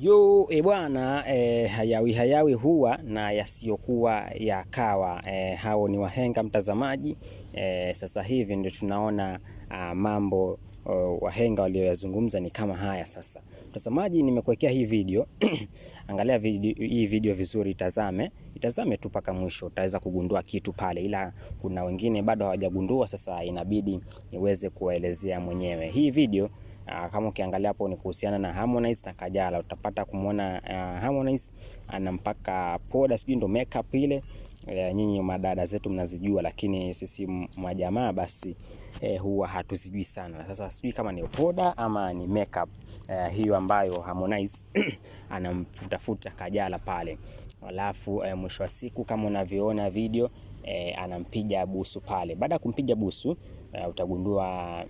Yo e bwana e, hayawi hayawi huwa na yasiyokuwa yakawa. E, hao ni wahenga mtazamaji. E, sasa hivi ndio tunaona a, mambo o, wahenga walioyazungumza ni kama haya. Sasa mtazamaji, nimekuwekea hii video angalia video, hii video vizuri, itazame itazame tu mpaka mwisho, utaweza kugundua kitu pale, ila kuna wengine bado hawajagundua. Sasa inabidi niweze kuwaelezea mwenyewe hii video Uh, Kama ukiangalia hapo ni kuhusiana na Harmonize na Kajala, utapata kumwona uh, ah, Harmonize anampaka ah, poda, sijui ndo makeup ile uh, nyinyi madada zetu mnazijua, lakini sisi majamaa basi uh, huwa hatuzijui sana. Sasa sijui kama ni poda ama ni makeup uh, hiyo ambayo Harmonize anamfutafuta Kajala pale, alafu e, mwisho wa siku kama unavyoona video e, anampiga busu pale. Baada ya kumpiga busu e, utagundua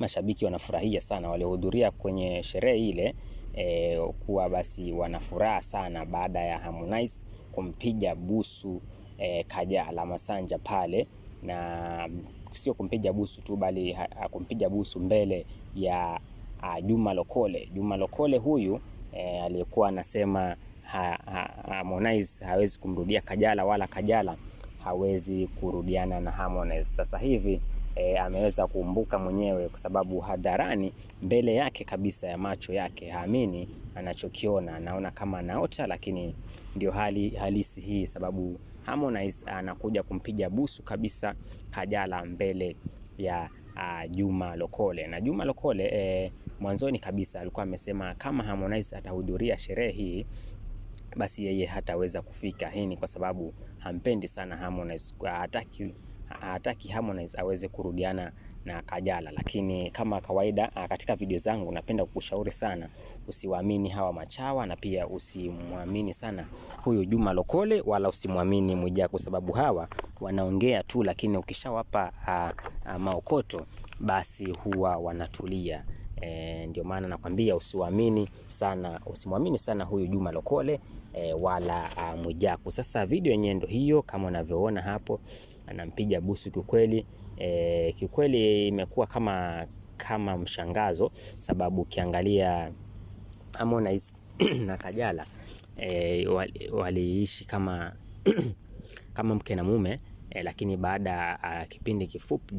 mashabiki wanafurahia sana waliohudhuria kwenye sherehe ile e, kuwa basi wanafuraha sana baada ya Harmonize kumpiga busu e, eh, Kajala Masanja pale, na sio kumpiga busu tu bali kumpiga busu mbele ya a, ah, Juma Lokole. Juma Lokole huyu e, aliyekuwa anasema ha, ha, Harmonize hawezi kumrudia Kajala wala Kajala hawezi kurudiana na Harmonize. Sasa hivi e, ameweza kumbuka mwenyewe kwa sababu hadharani mbele yake kabisa ya macho yake haamini anachokiona, anaona kama anaota, lakini ndio hali halisi hii, sababu Harmonize anakuja kumpiga busu kabisa Kajala mbele ya a, Juma Lokole na Juma Lokole e, mwanzoni kabisa alikuwa amesema kama Harmonize atahudhuria sherehe hii basi yeye hataweza kufika. Hii ni kwa sababu hampendi sana Harmonize, hataki hataki Harmonize aweze kurudiana na Kajala, lakini kama kawaida ah, katika video zangu napenda kukushauri sana usiwaamini hawa machawa, na pia usimwamini sana huyu Juma Lokole, wala usimwamini Mwijaku, sababu hawa wanaongea tu, lakini ukishawapa ah, ah, maokoto basi huwa wanatulia. E, ndio maana nakwambia usiwamini sana, usimwamini sana huyu Juma Lokole e, wala uh, Mwijaku. Sasa video yenyewe ndio hiyo kama unavyoona hapo, anampiga busu kiukweli. E, kiukweli imekuwa kama kama mshangazo, sababu ukiangalia Harmonize na Kajala e, waliishi kama kama mke na mume e, lakini baada ya kipindi kifupi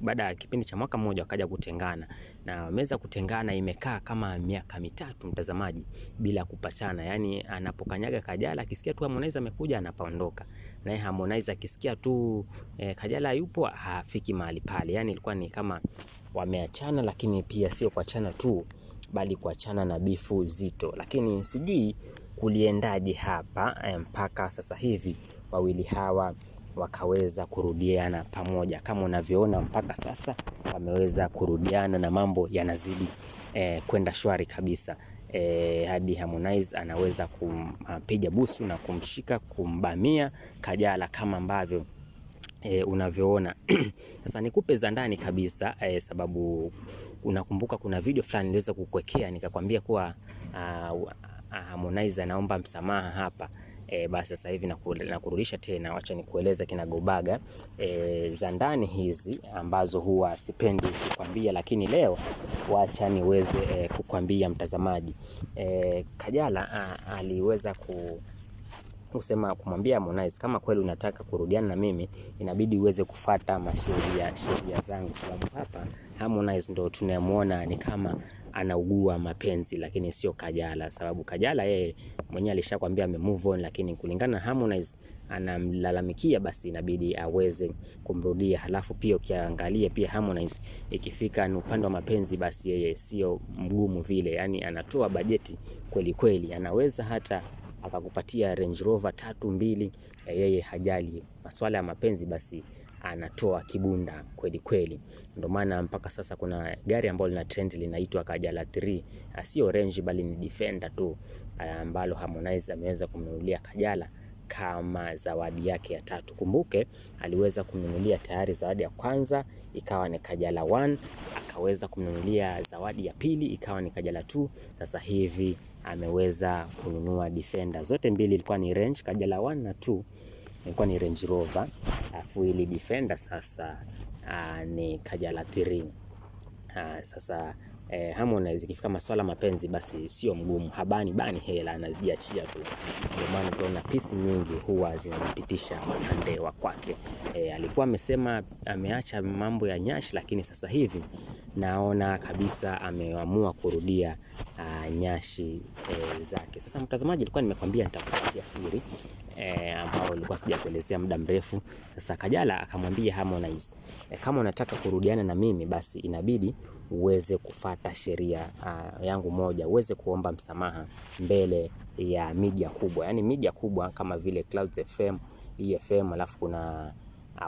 baada ya kipindi cha mwaka mmoja wakaja kutengana, na wameweza kutengana, imekaa kama miaka mitatu mtazamaji, bila kupatana. Yani anapokanyaga Kajala akisikia tu Harmonize amekuja anapaondoka, naye Harmonize akisikia tu eh, Kajala yupo hafiki mahali pale. Yani ilikuwa ni kama wameachana, lakini pia sio kuachana tu, bali kuachana na bifu zito, lakini sijui kuliendaje hapa eh, mpaka sasa hivi wawili hawa wakaweza kurudiana pamoja. Kama unavyoona mpaka sasa wameweza kurudiana na mambo yanazidi eh, kwenda shwari kabisa. E, hadi Harmonize anaweza kumpiga busu na kumshika kumbamia Kajala kama ambavyo e, unavyoona sasa. Nikupe za ndani kabisa e, sababu unakumbuka kuna video fulani niliweza kukwekea nikakwambia kuwa ah, Harmonize anaomba msamaha hapa. E, basi sasa hivi nakurudisha tena, wacha nikueleze kinagobaga e, eh, za ndani hizi ambazo huwa sipendi kukwambia, lakini leo wacha niweze e, kukwambia mtazamaji e, Kajala a, aliweza ku kusema kumwambia Harmonize kama kweli unataka kurudiana na mimi inabidi uweze kufata masheria sheria zangu, sababu hapa Harmonize ndo tunayemuona ni kama anaugua mapenzi lakini sio Kajala, sababu Kajala yeye mwenyewe alishakwambia ame move on, lakini kulingana na Harmonize anamlalamikia, basi inabidi aweze kumrudia. Halafu pia ukiangalia pia Harmonize ikifika ni upande wa mapenzi, basi yeye sio mgumu vile, yani anatoa bajeti kweli kweli, anaweza hata akakupatia Range Rover tatu mbili, yeye hajali masuala ya mapenzi basi anatoa kibunda kweli kweli. Ndio maana mpaka sasa kuna gari ambalo lina trend linaitwa Kajala 3, ah, sio range bali ni Defender tu ah, ambalo Harmonize ameweza kumnunulia Kajala kama zawadi yake ya tatu. Kumbuke aliweza kumnunulia tayari zawadi ya kwanza ikawa ni Kajala 1, akaweza kumnunulia zawadi ya pili ikawa ni Kajala 2. Sasa hivi ameweza kununua Defender. Zote mbili ilikuwa ni range Kajala 1 na ilikuwa ni Range Rover, alafu ili Defender sasa uh, ni Kajala 3. Uh, ah, sasa eh, Harmonize ikifika masuala mapenzi basi sio mgumu, habani bani hela anajiachia tu. Ndio maana tunaona pisi nyingi huwa zinapitisha upande wa kwake. Eh, alikuwa amesema ameacha mambo ya nyash, lakini sasa hivi naona kabisa ameamua kurudia uh, nyashi e, zake. Sasa mtazamaji, nilikuwa nimekwambia nitakupatia siri e, ambayo nilikuwa sijakuelezea muda mrefu. Sasa Kajala akamwambia Harmonize e, kama unataka kurudiana na mimi basi inabidi uweze kufata sheria uh, yangu moja, uweze kuomba msamaha mbele ya media kubwa, yaani media kubwa kama vile Clouds FM, EFM, alafu kuna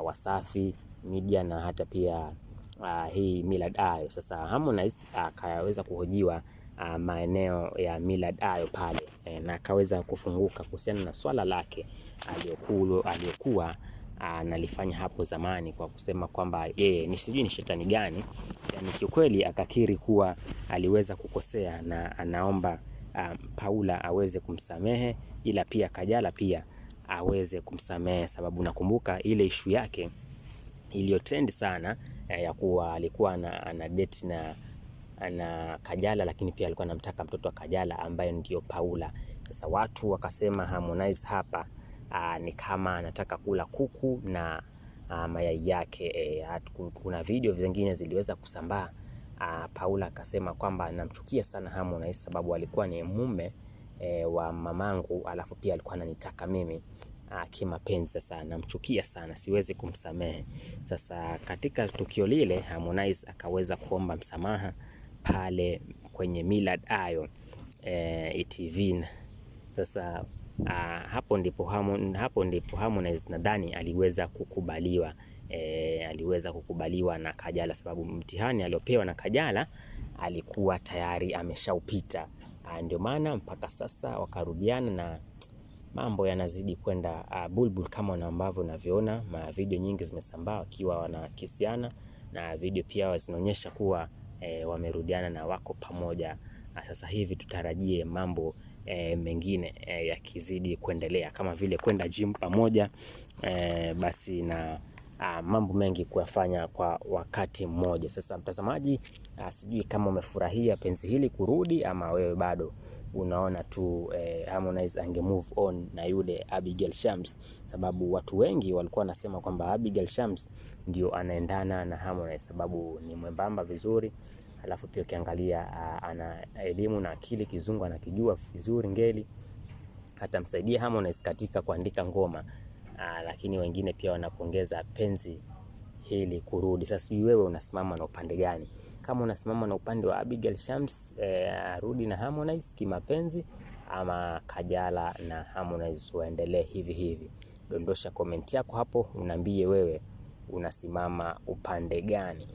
uh, Wasafi media na hata pia uh, hii Millard Ayo. Sasa Harmonize akaweza uh, kuhojiwa Ah, maeneo ya Millard ayo pale e, na akaweza kufunguka kuhusiana na swala lake aliyokuwa aliyokuwa ah, analifanya hapo zamani kwa kusema kwamba yeye eh, ni sijui ni shetani gani, yani kiukweli akakiri kuwa aliweza kukosea na anaomba um, Paula aweze kumsamehe, ila pia Kajala pia aweze kumsamehe, sababu nakumbuka ile ishu yake iliyotrend sana eh, ya kuwa alikuwa na, ana date na na Kajala, lakini pia alikuwa anamtaka mtoto wa Kajala ambaye ndio Paula. Sasa watu wakasema Harmonize hapa aa, ni kama anataka kula kuku na aa, mayai yake e, kuna video zingine ziliweza kusambaa. aa, Paula akasema kwamba anamchukia sana Harmonize sababu alikuwa ni mume e, wa mamangu, alafu pia alikuwa ananitaka mimi kimapenzi. Sasa namchukia sana, siwezi kumsamehe. Sasa katika tukio lile Harmonize akaweza kuomba msamaha pale kwenye Millard Ayo e, eh, ITV. Sasa a, ah, hapo ndipo hapo ndipo Harmonize nadhani aliweza kukubaliwa e, aliweza kukubaliwa na Kajala sababu mtihani aliopewa na Kajala alikuwa tayari ameshaupita, ah, ndio maana mpaka sasa wakarudiana na mambo yanazidi kwenda uh, bulbul kama ambavyo unavyoona, ma video nyingi zimesambaa wakiwa wanakisiana na video pia zinaonyesha kuwa e, wamerudiana na wako pamoja. Sasa hivi tutarajie mambo e, mengine e, yakizidi kuendelea kama vile kwenda gym pamoja e, basi na a, ah, mambo mengi kuyafanya kwa wakati mmoja. Sasa mtazamaji, ah, sijui kama umefurahia penzi hili kurudi ama wewe bado unaona tu eh, Harmonize ange move on na yule Abigail Shams, sababu watu wengi walikuwa wanasema kwamba Abigail Shams ndio anaendana na Harmonize, sababu ni mwembamba vizuri, alafu pia ukiangalia ah, ana elimu na akili, kizungu anakijua vizuri ngeli, atamsaidia Harmonize katika kuandika ngoma. Aa, ah, lakini wengine pia wanapongeza penzi hili kurudi. Sasa sijui wewe unasimama na upande gani? kama unasimama na upande wa Abigail Shams eh, arudi eh, na Harmonize kimapenzi ama Kajala na Harmonize waendelee hivi hivi. Dondosha komenti yako hapo, unaambie wewe unasimama upande gani?